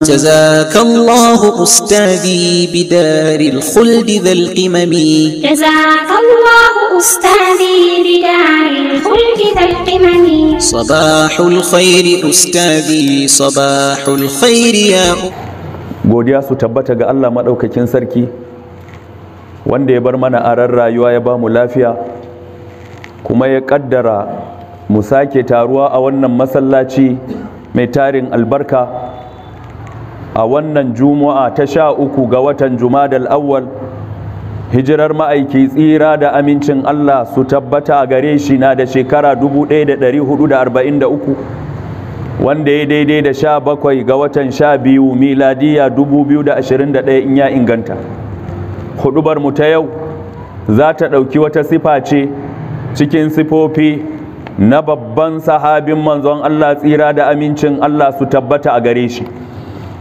جزاك الله أستاذي بدار الخلد ذا القمم جزاك الله أستاذي بدار الخلد ذا القمم صباح الخير أستاذي صباح الخير يا godiya su tabbata ga Allah maɗaukakin sarki wanda ya bar mana aran rayuwa ya ba mu lafiya kuma ya ƙaddara mu sake taruwa a wannan masallaci mai tarin albarka a wannan juma'a ta sha uku ga watan jumadal awwal hijirar ma'aiki tsira da amincin Allah su tabbata a gare shi na da shekara 1443 wanda ya daidai da sha bakwai ga watan sha biyu miladiya 2021 in ya inganta hudubar mu ta yau za ta ɗauki wata sifa ce cikin sifofi na babban sahabin manzon Allah tsira da amincin Allah su tabbata a gare shi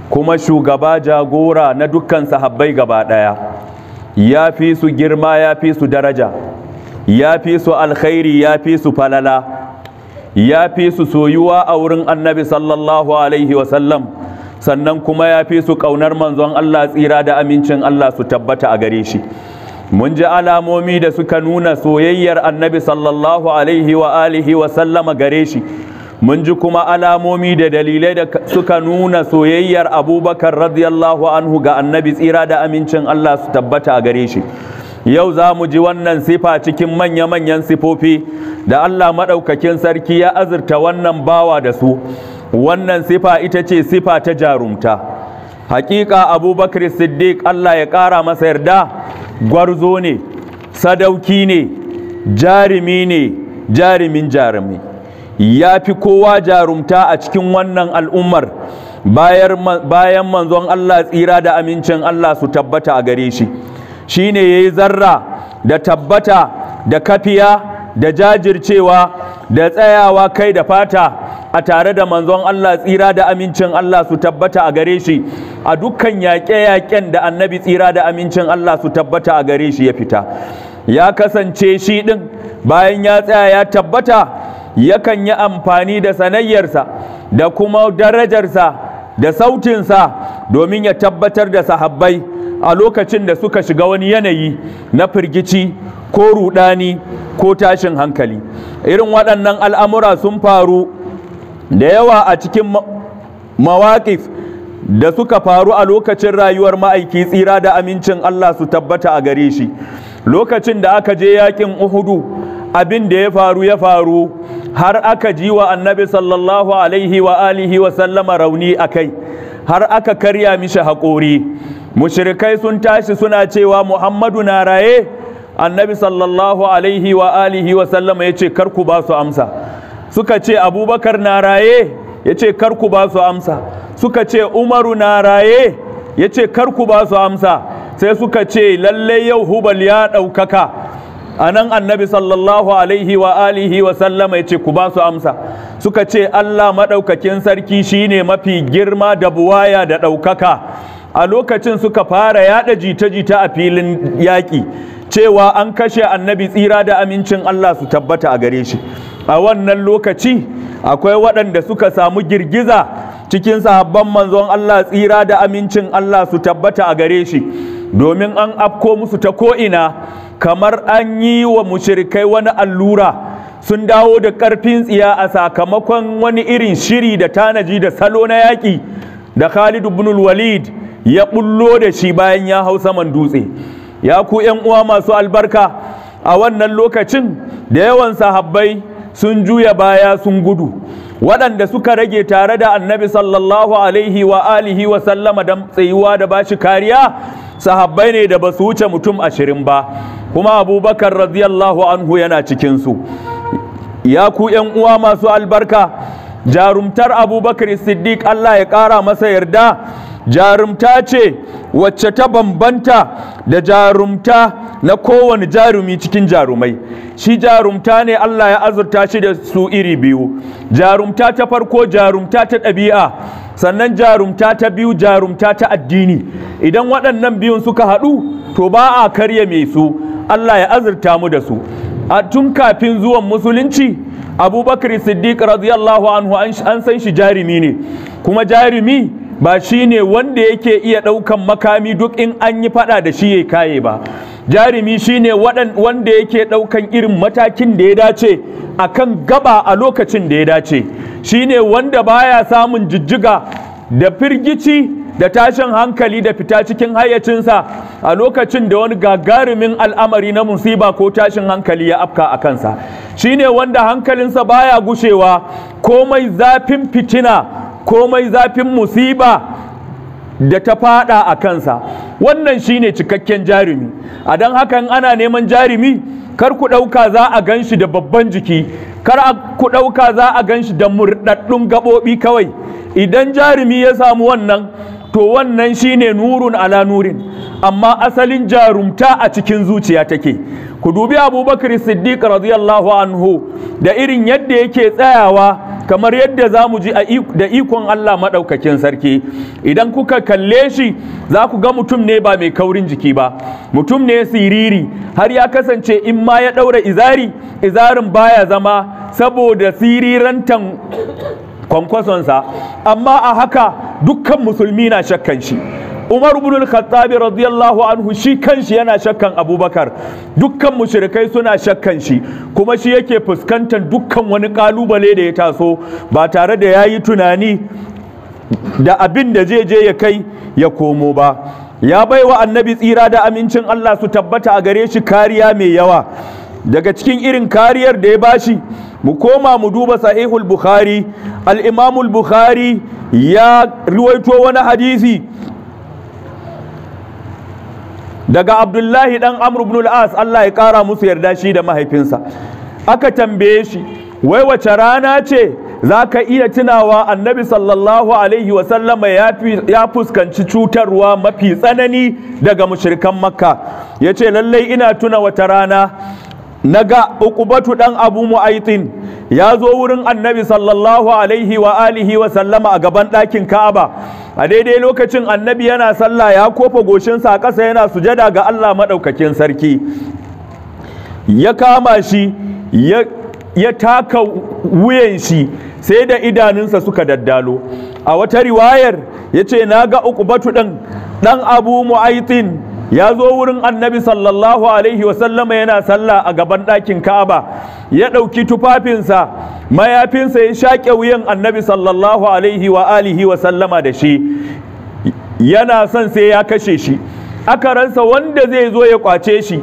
kuma shugaba jagora na dukkan sahabbai gaba ɗaya ya fi su girma ya fi su daraja ya fi su alkhairi ya fi su falala ya fi su soyuwa a wurin annabi sallallahu alaihi wasallam sannan kuma ya fi su ƙaunar manzon Allah tsira da amincin Allah su tabbata a gare shi mun ji alamomi da suka nuna soyayyar annabi sallallahu alaihi wa alihi wa sallama gare shi mun ji kuma alamomi da dalilai da suka nuna soyayyar abubakar radiyallahu anhu ga annabi tsira da amincin Allah su tabbata a gare shi yau za mu ji wannan sifa cikin manya-manyan sifofi da Allah maɗaukakin sarki ya azurta wannan bawa da su wannan sifa ita ce sifa ta jarumta hakika abubakar siddiq Allah ya ƙara masa yarda gwarzo ne sadauki ne jarumi ne jarumin jarumi ya fi kowa jarumta a cikin wannan al'ummar bayan manzon Allah tsira da amincin Allah su tabbata a gare shi shi ne ya yi zarra da tabbata da kafiya da jajircewa da tsayawa kai da fata a tare da manzon Allah tsira da amincin Allah su tabbata a gare shi a dukkan yaƙe-yaƙen da annabi tsira da amincin Allah su tabbata a gare shi ya fita ya kasance shi ɗin bayan ya tsaya ya tabbata yakan yi amfani da sanayyarsa da kuma darajarsa da sautinsa domin ya tabbatar da sahabbai a lokacin da suka shiga wani yanayi na firgici ko rudani ko tashin hankali irin waɗannan al'amura sun faru da yawa a cikin mawaƙif da suka faru a lokacin rayuwar ma'aiki tsira da amincin Allah su tabbata a gare shi lokacin da aka je yaƙin uhudu abin da ya faru ya faru har aka ji wa annabi sallallahu alaihi wa alihi wa sallama rauni a kai har aka karya mishi haƙori mushrikai sun tashi suna cewa muhammadu na raye annabi sallallahu alaihi wa alihi wa sallama ya ce karku ba su amsa suka ce abubakar na raye ya ce karku ba su amsa suka ce umaru na raye ya ce karku ba su amsa sai suka ce lallai yau hubal ya ɗaukaka Anan annabi sallallahu alaihi wa alihi wa sallama ya ku ba su amsa suka ce Allah maɗaukakin sarki shine mafi girma da buwaya da ɗaukaka a lokacin suka fara yaɗa jita-jita a filin yaƙi cewa an kashe annabi tsira da amincin Allah su tabbata a gare shi a wannan lokaci akwai waɗanda suka samu girgiza cikin sahabban manzon Allah tsira da amincin Allah su tabbata a gare shi domin an afko musu ta ko'ina kamar an yi wa mushrikai wani allura sun dawo da ƙarfin tsiya a sakamakon wani irin shiri da tanaji da salo na yaƙi da Khalidu ibn walid ya bullo da shi bayan ya hau saman dutse ya ku 'yan uwa masu albarka a wannan lokacin da yawan sahabbai sun juya baya sun gudu waɗanda suka rage tare da annabi sallallahu alaihi wa alihi wa sallama da tsayuwa da bashi kariya sahabbai ne da ba su wuce mutum ashirin ba kuma abubakar radiyallahu anhu yana cikinsu ya ku ‘yan uwa masu albarka jarumtar abubakar siddiq Allah ya ƙara masa yarda jarumta ce wacce ta bambanta da jarumta na kowane jarumi cikin jarumai shi jarumta ne Allah ya azurta shi da su iri biyu jarumta ta farko jarumta ta ɗabi'a sannan jarumta ta biyu jarumta ta addini idan waɗannan biyun suka haɗu to ba a karya mai su Allah ya azurta mu da su a tun kafin zuwan musulunci abubakar siddiq radiyallahu anhu an san shi jarumi ne kuma jarumi ba shi ne wanda yake iya ɗaukan makami duk in an yi faɗa da shi ya kaye ba jarumi shi ne wanda yake ɗaukan irin matakin da ya dace a kan gaba a lokacin da ya dace shi ne wanda baya samun jijjiga da firgici da tashin hankali da fita cikin hayyacinsa a lokacin da wani gagarumin al'amari na musiba ko tashin hankali ya afka a kansa shine wanda hankalinsa baya gushewa komai zafin fitina komai zafin musiba da ta fada a kansa wannan shine cikakken jarumi a don hakan ana neman jarumi kar ku ɗauka za a gan shi da babban jiki kar ku ɗauka za a gan shi da murɗaɗɗun gaɓoɓi kawai idan jarumi ya samu wannan to wannan shine nurun ala nurin amma asalin jarumta a cikin zuciya take ku dubi abubakar siddiq radiyallahu anhu da irin yadda yake tsayawa kamar yadda za mu ji da ikon Allah maɗaukakin sarki idan kuka kalle shi za ku ga mutum ne ba mai kaurin jiki ba mutum ne siriri har ya kasance in ma ya ɗaura izari izarin baya zama saboda sirirantan kwankwasonsa amma a haka dukkan musulmi na shakkan shi Umar ibn al-Khattab radiyallahu anhu shi kanshi yana shakkan Abubakar dukkan mushrikai suna shakkan shi kuma shi yake fuskantar dukkan wani kalubale da ya taso ba tare da yayi tunani da abin da zai je ya kai ya komo ba ya baiwa annabi tsira da amincin Allah su tabbata a gare shi kariya mai yawa daga cikin irin kariyar da ya bashi mu koma mu duba sahihul bukhari al-imamul bukhari ya ruwaito wani hadisi daga abdullahi dan amr ibn al Allah ya kara musu yarda shi da mahaifinsa aka tambaye shi wai wace rana ce za ka iya tunawa annabi sallallahu alaihi wasallama ya fuskanci cutarwa mafi tsanani daga mushrikan makka Yace ce lallai ina tuna wata rana Na ga ukubatu dan abu mu'aitin ya zo wurin annabi sallallahu alaihi wa alihi wa sallama a gaban ɗakin ka'aba a daidai lokacin annabi yana sallah ya kofa goshinsa a ƙasa yana sujada ga allah maɗaukakin sarki ya kama shi ya taka wuyan shi sai da idanunsa suka daddalo a wata riwayar ya ce na ga ukubatu dan abu mu'aitin ya zo wurin annabi sallallahu alaihi wasallama yana sallah a gaban ɗakin ka'aba ya ɗauki tufafinsa mayafinsa ya shaƙe wuyan annabi sallallahu alaihi wa alihi wasallama da shi yana son sai ya kashe shi aka ransa wanda zai zo ya kwace shi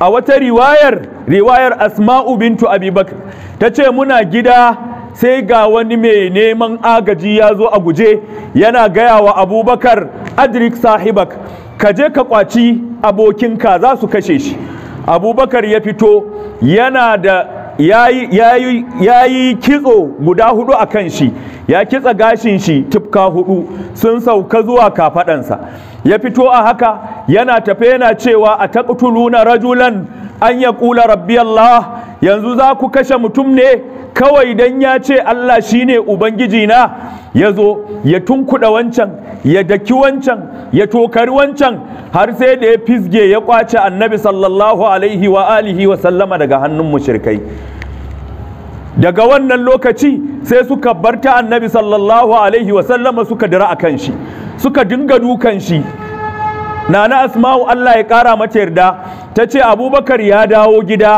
a wata riwayar riwayar asma'u bintu abubakar ta ce muna gida sai ga wani mai neman agaji ya zo a guje yana gaya wa abubakar adrik sahibak ka je ka kwaci abokinka za su kashe shi abubakar ya fito yana da ya yi kitso guda hudu a kan shi ya kitsa gashin shi tufka hudu sun sauka zuwa kafaɗansa. ya fito a haka yana tafe yana cewa a taqtuluna rajulan an ƙula rabbi Allah yanzu za ku kashe mutum ne kawai don ya ce Allah shine ubangiji na ya zo ya tunkuɗa wancan ya daki wancan ya tokari wancan har sai da ya fisge ya ƙwace annabi sallallahu alaihi wa alihi wa sallama daga hannun mushrikai daga wannan lokaci sai suka barta annabi sallallahu alaihi wasallama suka dira a kan shi suka dinga dukan shi nana asma'u Allah ya ƙara mata yarda ta ce abubakar ya dawo gida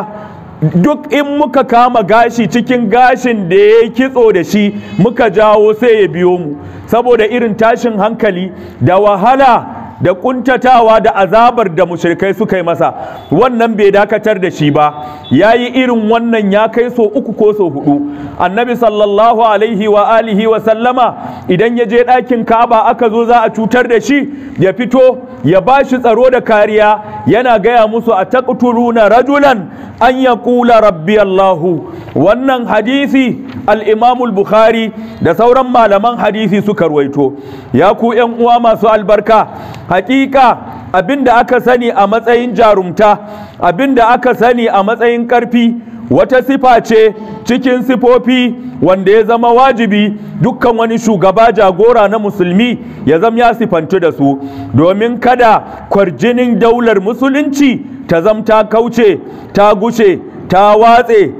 duk in muka kama gashi cikin gashin da ya kitso da shi muka jawo sai ya biyo mu saboda irin tashin hankali da wahala da kuntatawa da azabar da mushrikai suka yi masa wannan bai dakatar da shi ba ya yi irin wannan ya kai so uku ko so hudu annabi sallallahu alaihi wa alihi wa sallama idan ya je ɗakin kaba aka zo za a cutar da shi ya fito ya ba shi tsaro da kariya yana gaya musu a na rajulan an ya ƙula rabbi allahu wannan hadisi Al'imamul bukhari da sauran malaman hadisi suka ruwaito ya ku 'yan uwa masu albarka hakika da aka sani a matsayin jarumta abin da aka sani a matsayin ƙarfi, wata sifa ce cikin sifofi wanda ya zama wajibi dukkan wani shugaba jagora na musulmi ya zama ya sifantu da su domin kada kwarjinin daular musulunci ta ta kauce ta gushe ta watse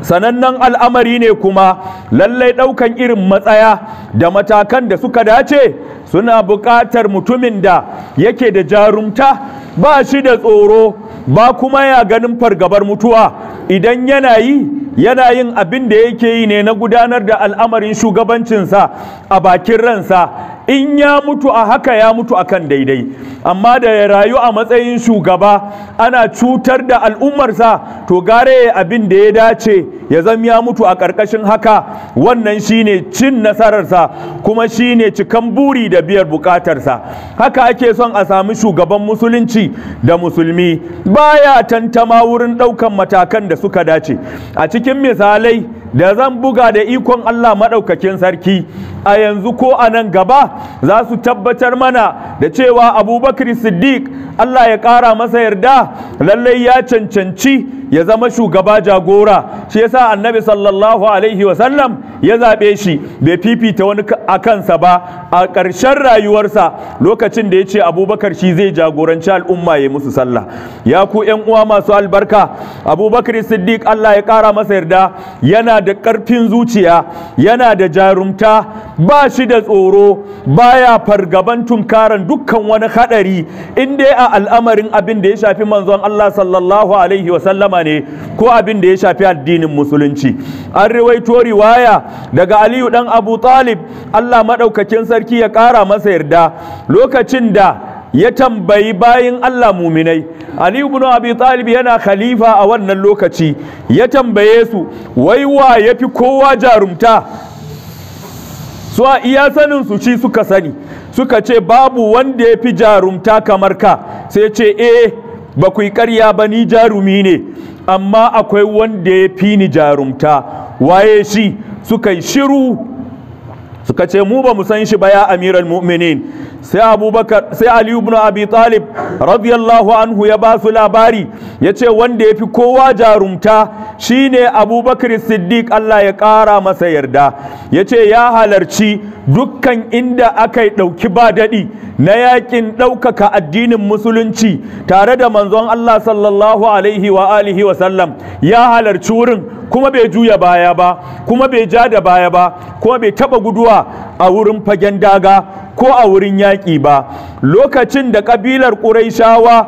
sanannen al'amari ne kuma lallai ɗaukan irin matsaya da matakan da suka dace suna buƙatar mutumin da yake da jarumta ba shi da tsoro ba kuma ya ganin fargabar mutuwa idan yana yi yana yin abin da yake yi ne na gudanar da al'amarin shugabancinsa a bakin ransa in ya mutu a haka ya mutu akan daidai amma da ya rayu a matsayin shugaba ana cutar da al'ummarsa to gare abin da ya dace ya zam ya mutu a ƙarƙashin haka wannan shine cin nasararsa kuma shine cikan buri da biyar buƙatarsa haka ake son a sami shugaban musulunci da musulmi baya tantama wurin ɗaukan matakan da suka dace a cikin misalai da zan buga da ikon Allah maɗaukakin sarki a yanzu ko a nan gaba za su tabbatar mana da cewa abubakar siddiq Allah ya ƙara masa yarda lallai ya cancanci ya zama shugaba jagora shi yasa annabi sallallahu alaihi wasallam ya zaɓe shi bai fifita wani a kansa ba a ƙarshen rayuwarsa lokacin da ya ce abubakar shi zai jagoranci al'umma ya musu sallah ya ku yan uwa masu albarka abubakar siddiq allah ya ƙara masa yarda yana da ƙarfin zuciya yana da jarumta ba shi da tsoro baya fargaban tunkaran dukkan wani haɗari in dai a al'amarin abin da ya shafi manzon allah sallallahu alaihi wasallam sallama ne ko abin da ya shafi addinin musulunci an riwaito riwaya daga aliyu dan abu talib allah maɗaukakin sarki ya ƙara masa yarda lokacin da ya tambayi bayin Allah muminai Aliyu ibn Abi Talib yana khalifa a wannan lokaci ya tambaye su wai wa yafi kowa jarumta su a iya sanin su shi suka sani suka ce babu wanda yafi jarumta kamar ka sai ce eh ba ku yi ƙarya ba ni jarumi ne amma akwai wanda ya fi ni jarumta waye shi suka yi shiru suka ce mu ba mu san shi ba ya amiral mu'minin sai abubakar sai aliyu ibn abi talib radiyallahu anhu ya ba su labari ya ce wanda ya fi kowa jarumta shine abubakar siddiq allah ya ƙara masa yarda ya ce ya halarci dukkan inda aka yi ɗauki ba daɗi na yakin ɗaukaka addinin musulunci tare da manzon allah sallallahu alaihi wa alihi wa sallam ya halarci wurin kuma bai juya baya ba kuma bai ja da baya ba kuma bai taɓa guduwa a wurin fagen daga ko a wurin yayi yaƙi ba lokacin da ƙabilar ƙuraishawa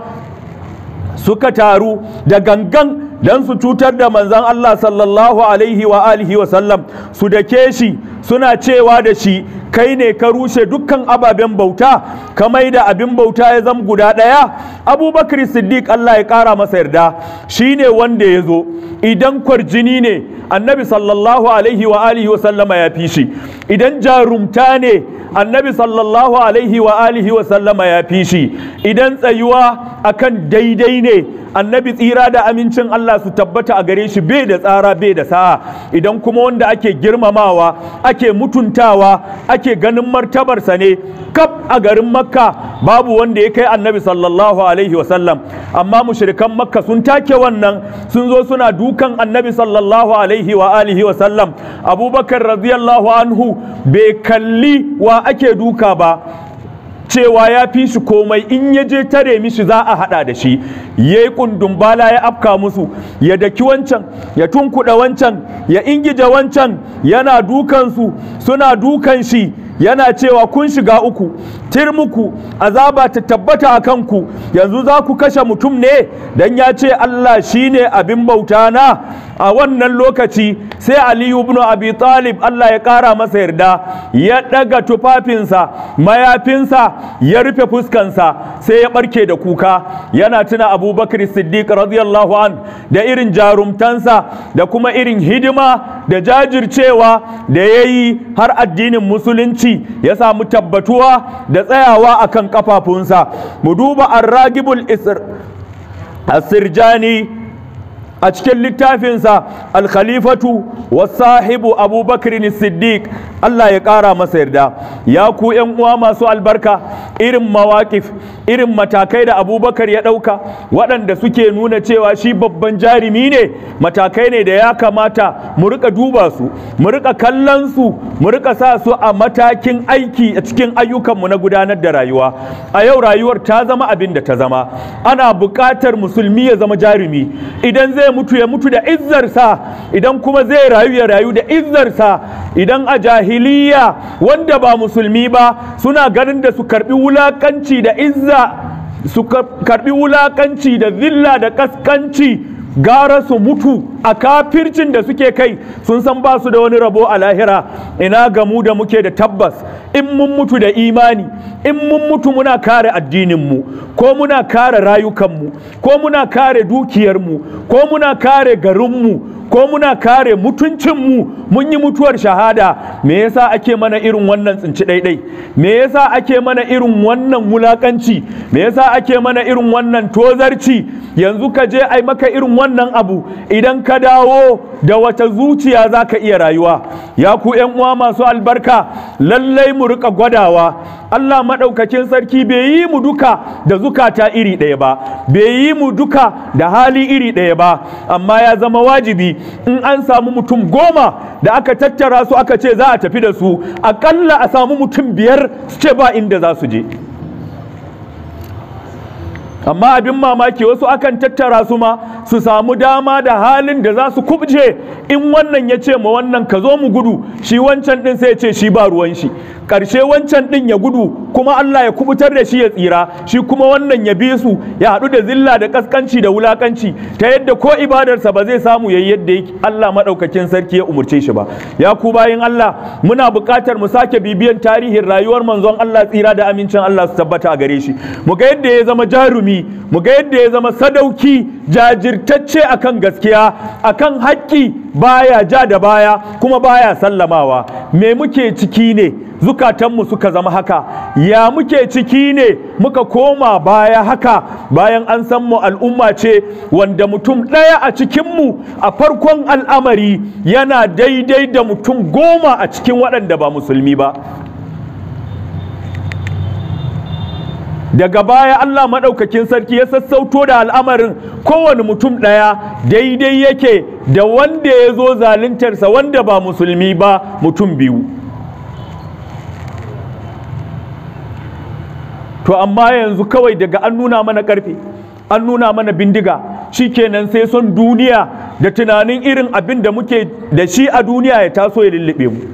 suka taru da gangan don su cutar da manzan Allah sallallahu alaihi wa alihi wa sallam su dake shi suna cewa da shi kai ne ka rushe dukkan ababen bauta ka mai da abin bauta ya zama guda ɗaya abubakar siddiq allah ya ƙara masa yarda shi ne wanda ya zo idan kwarjini ne annabi sallallahu alaihi wa alihi wa sallama ya fi shi idan jarumta ne annabi sallallahu alaihi wa alihi wa sallama ya fi shi idan tsayuwa akan daidai ne annabi tsira da amincin Allah su tabbata a gare shi bai da tsara bai da sa'a idan kuma wanda ake girmamawa ake mutuntawa ake ganin martabarsa ne kaf a garin makka babu wanda ya kai annabi sallallahu alaihi wasallam amma mushrikan makka sun take wannan sun zo suna dukan annabi sallallahu alaihi wa alihi wasallam abubakar radiyallahu anhu bai kalli wa ake duka ba cewa ya fi shi komai in ya je tare mishi za a haɗa da shi ya yi Bala ya afka musu ya daki wancan ya tunkuɗa wancan ya ingija wancan yana dukansu suna dukan shi yana cewa kun shiga uku tir azaba ta tabbata a kanku yanzu za ku kashe mutum ne dan ya ce Allah shi ne abin bauta na a wannan lokaci sai aliyu ibn Abi Talib Allah ya ƙara masa yarda ya ɗaga tufafinsa mayafinsa ya rufe fuskansa sai ya barke da kuka yana tuna Abubakar Siddiq radiyallahu an da irin jarumtansa da kuma irin hidima da jajircewa da yayi har addinin musulunci ya samu tabbatuwa da tsayawa akan kafafunsa mu duba arragibul asirjani a cikin littafinsa alkhalifatu wasahibu abubakar siddiq Allah ya ƙara masa yarda ya ku ‘yan uwa masu albarka irin mawaƙif irin matakai da abubakar ya ɗauka waɗanda suke nuna cewa shi babban jarumi ne matakai ne da ya kamata mu riƙa duba su mu riƙa kallon su mu riƙa sa su a matakin aiki a cikin ayyukanmu na gudanar da rayuwa a yau rayuwar ta zama abin da ta zama ana buƙatar musulmi ya zama jarumi idan zai zai mutu ya mutu da izzarsa idan kuma zai rayu ya rayu da izzarsa idan a jahiliya wanda ba musulmi ba suna ganin da su karbi wulakanci da izza su karbi wulakanci da zilla da kaskanci gara su mutu a kafircin da suke kai sun san ba su da wani rabo a lahira ina ga mu da muke da tabbas in mun mutu da imani in mun mutu muna kare addininmu ko muna kare rayukanmu ko muna kare dukiyarmu ko muna kare garinmu ko muna kare mutuncinmu mun yi mutuwar shahada me yasa ake mana irin wannan tsinci daidai me yasa ake mana irin wannan wulakanci me yasa ake mana irin wannan tozarci yanzu ka je ai maka irin wannan abu idan ka dawo da wata zuciya za ka iya rayuwa ya ku ‘yan uwa masu albarka lallai mu rika gwadawa Allah maɗaukakin sarki bai yi mu duka da zukata iri ɗaya ba bai yi mu duka da hali iri ɗaya ba amma ya zama wajibi in an samu mutum goma da aka tattara su aka ce za a tafi da su aƙalla a samu mutum biyar su ce ba inda za su je amma abin mamaki wasu akan tattara su ma su samu dama da halin da za su kubje in wannan ya ce ma wannan ka zo mu gudu shi wancan din sai ya ce shi ba ruwan shi Karshe wancan ɗin ya gudu kuma Allah ya kubutar da shi ya tsira shi kuma wannan ya bi su ya haɗu da zilla da ƙasƙanci da wulaƙanci ta yadda ko ibadarsa ba zai samu yi yadda Allah maɗaukakin sarki ya umurce shi ba ya ku bayin Allah muna buƙatar mu sake bibiyan tarihin rayuwar manzon Allah tsira da amincin Allah su tabbata a gare shi mu ga yadda ya zama jarumi mu ga yadda ya zama sadauki jajirtacce akan gaskiya akan haƙƙi baya ja da baya kuma baya sallamawa me muke ciki ne zukatanmu suka zama haka ya muke ciki ne muka koma baya haka bayan an san mu al'umma ce wanda mutum ɗaya a cikinmu a farkon al'amari yana daidai da mutum goma a cikin waɗanda ba musulmi ba daga baya Allah maɗaukakin sarki ya sassauto da al'amarin kowane mutum ɗaya daidai yake da wanda ya zo zaluntarsa wanda ba musulmi ba mutum biyu to amma yanzu kawai daga an nuna mana karfe an nuna mana bindiga shikenan sai son duniya da tunanin irin abin da muke da shi a duniya ya taso ya lullube mu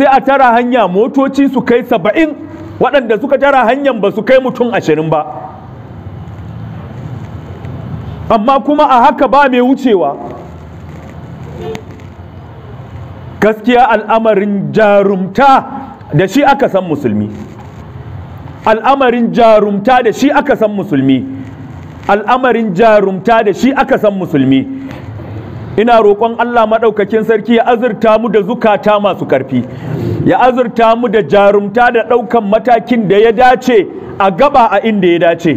sai a tara hanya motoci su kai saba'in waɗanda suka tara hanyar ba su kai mutum ashirin ba amma kuma a haka ba mai wucewa gaskiya al'amarin jarumta da shi aka san musulmi al'amarin jarumta da shi aka san musulmi al'amarin jarumta da shi aka san musulmi ina roƙon Allah maɗaukakin sarki ya azurta mu da zukata masu ƙarfi ya azurta mu da jarumta da ɗaukan matakin da ya dace a gaba a inda ya dace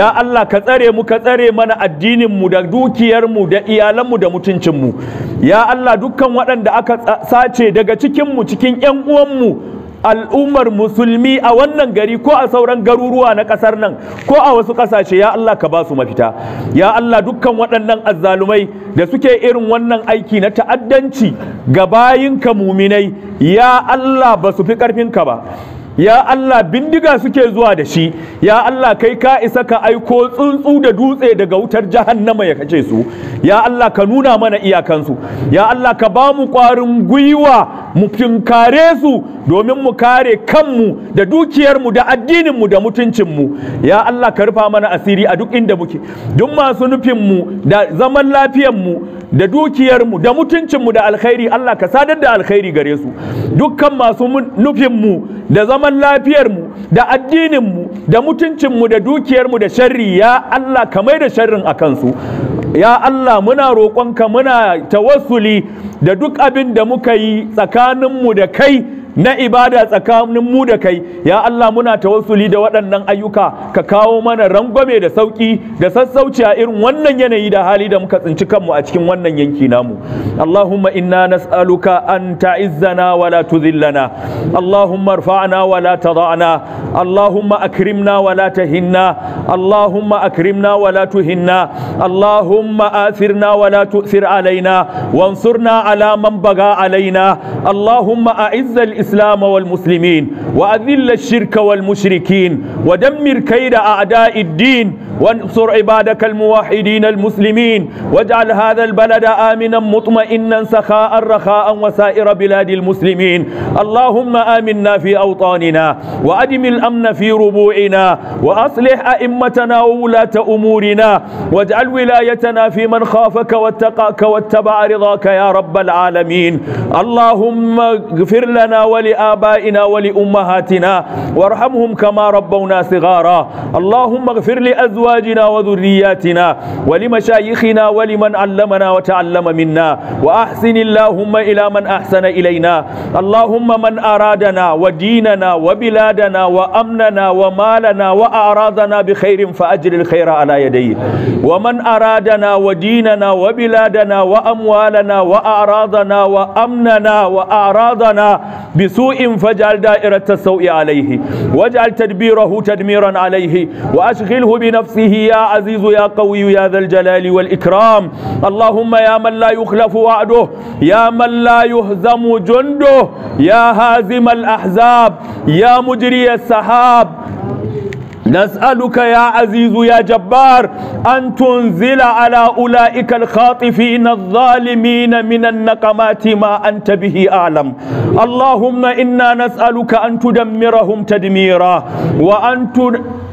ya Allah ka tsare mu ka tsare mana addinin mu da dukiyarmu da iyalan da mutuncinmu. ya Allah dukkan waɗanda aka sace daga cikinmu cikin 'yan'uwanmu. uwan al'ummar musulmi a wannan gari ko a sauran garuruwa na ƙasar nan ko a wasu ƙasashe ya Allah ka ba su mafita ya Allah dukkan waɗannan azzalumai da suke irin wannan aiki na ta'addanci ga bayinka muminai ya Allah ba su fi ƙarfinka ba ya Allah bindiga suke zuwa da shi ya Allah kai ka isa ka aiko tsuntsu da dutse daga wutar jahannama ya kace su ya Allah ka nuna mana iyakansu ya Allah ka ba mu ƙwarin gwiwa mu finkare su domin mu kare kanmu da dukiyarmu da addininmu da mutuncinmu ya Allah ka rufa mana asiri a duk inda muke duk masu nufinmu da zaman lafiyarmu da dukiyarmu da mutuncinmu da alkhairi Allah ka sadar da alkhairi gare su dukkan masu nufinmu da zaman lafiyarmu da addininmu da mutuncinmu da dukiyarmu da sharri ya Allah ka mai da sharrin a kansu ya Allah muna roƙonka muna tawassuli da duk abin da muka yi tsakaninmu da kai na ibada tsakanin mu da kai ya Allah muna tawassuli da waɗannan ayyuka ka kawo mana rangwame da sauƙi, da sassauci a irin wannan yanayi da hali da muka tsinci kanmu a cikin wannan yanki namu Allahumma inna nas'aluka an ta'izzana wa la tuzillana. Allahumma irfa'na wa la tada'na Allahumma akrimna wa la tahinna Allahumma akrimna wa la tuhinna Allahumma athirna wa la tu'thir alaina wansurna ala man baga alaina Allahumma a'izzal الإسلام والمسلمين وأذل الشرك والمشركين ودمر كيد أعداء الدين وانصر عبادك الموحدين المسلمين واجعل هذا البلد آمنا مطمئنا سخاء رخاء وسائر بلاد المسلمين اللهم آمنا في أوطاننا وأدم الأمن في ربوعنا وأصلح أئمتنا وولاة أمورنا واجعل ولايتنا في من خافك واتقاك واتبع رضاك يا رب العالمين اللهم اغفر لنا ولآبائنا ولأمهاتنا وارحمهم كما ربونا صغارا اللهم اغفر لأزواجنا وأزواجنا وذرياتنا ولمشايخنا ولمن علمنا وتعلم منا وأحسن اللهم إلى من أحسن إلينا اللهم من أرادنا وديننا وبلادنا وأمننا ومالنا وأعراضنا بخير فأجر الخير على يديه ومن أرادنا وديننا وبلادنا وأموالنا وأعراضنا وأمننا وأعراضنا بسوء فاجعل دائرة السوء عليه واجعل تدبيره تدميرا عليه وأشغله بنفسه نفسه يا عزيز يا قوي يا ذا الجلال والإكرام اللهم يا من لا يخلف وعده يا من لا يهزم جنده يا هازم الأحزاب يا مجري السحاب نسألك يا عزيز يا جبار أن تنزل على أولئك الخاطفين الظالمين من النقمات ما أنت به أعلم اللهم إنا نسألك أن تدمرهم تدميرا وأن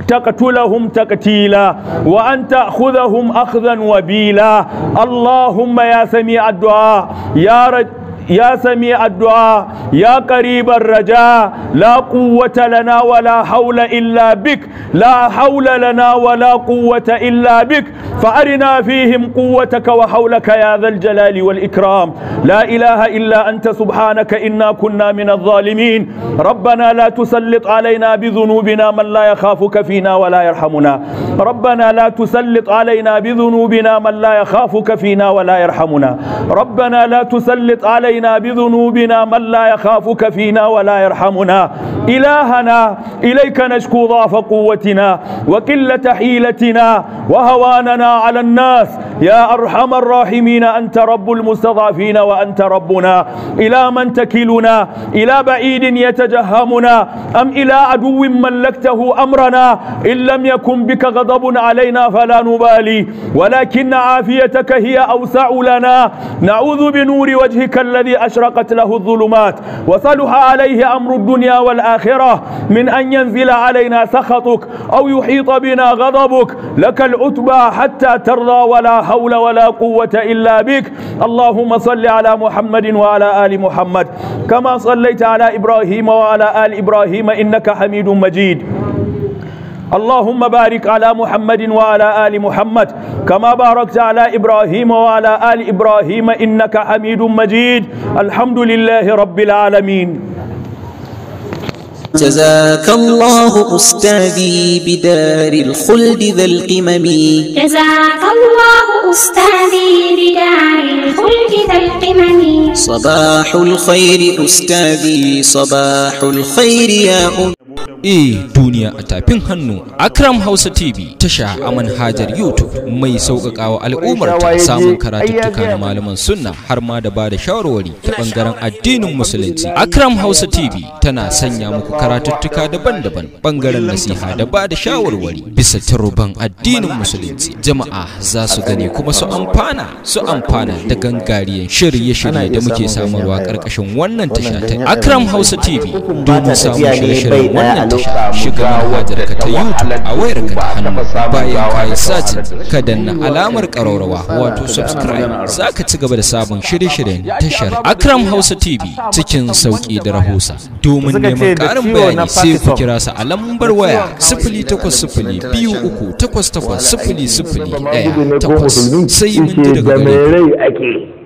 تقتلهم تقتيلا وأن تأخذهم أخذا وبيلا اللهم يا سميع الدعاء يا رجل يا سميع الدعاء يا قريب الرجاء لا قوة لنا ولا حول إلا بك لا حول لنا ولا قوة إلا بك فأرنا فيهم قوتك وحولك يا ذا الجلال والإكرام لا إله إلا أنت سبحانك إنا كنا من الظالمين ربنا لا تسلط علينا بذنوبنا من لا يخافك فينا ولا يرحمنا ربنا لا تسلط علينا بذنوبنا من لا يخافك فينا ولا يرحمنا ربنا لا تسلط علينا علينا بذنوبنا من لا يخافك فينا ولا يرحمنا إلهنا إليك نشكو ضعف قوتنا وقلة حيلتنا وهواننا على الناس يا أرحم الراحمين أنت رب المستضعفين وأنت ربنا إلى من تكلنا إلى بعيد يتجهمنا أم إلى عدو ملكته أمرنا إن لم يكن بك غضب علينا فلا نبالي ولكن عافيتك هي أوسع لنا نعوذ بنور وجهك الذي الذي أشرقت له الظلمات وصلح عليه أمر الدنيا والآخرة من أن ينزل علينا سخطك أو يحيط بنا غضبك لك العتبى حتى ترضى ولا حول ولا قوة إلا بك اللهم صل على محمد وعلى آل محمد كما صليت على إبراهيم وعلى آل إبراهيم إنك حميد مجيد اللهم بارك على محمد وعلى آل محمد كما باركت على إبراهيم وعلى آل إبراهيم إنك حميد مجيد الحمد لله رب العالمين جزاك الله أستاذي بدار الخلد ذا القمم جزاك الله أستاذي بدار الخلد ذا القمم صباح الخير أستاذي صباح الخير يا أم e duniya a tafin hannu akram hausa tv tasha a manhajar youtube mai sauƙaƙawa al'ummar ta samun karatuttuka na malaman sunna har ma da ba da shawarwari ta ɓangaren addinin musulunci akram hausa tv tana sanya muku karatuttuka daban-daban ɓangaren nasiha da ba da shawarwari bisa turban addinin musulunci jama'a za su gani kuma su amfana su amfana da gangariyan shirye-shirye da muke samarwa ƙarƙashin wannan tasha ta akram hausa tv domin samun shirye-shiryen wannan ta shiga manhajar ka ta YouTube a wayar ka ta hannu bayan ka yi sajin ka danna alamar ƙararrawa wato subscribe za ka ci gaba da sabon shirye-shiryen tashar Akram Hausa TV cikin sauƙi da rahusa domin neman ƙarin bayani sai ku kira su a lambar waya sifili takwas sifili biyu uku takwas takwas ɗaya takwas sai yi daga gare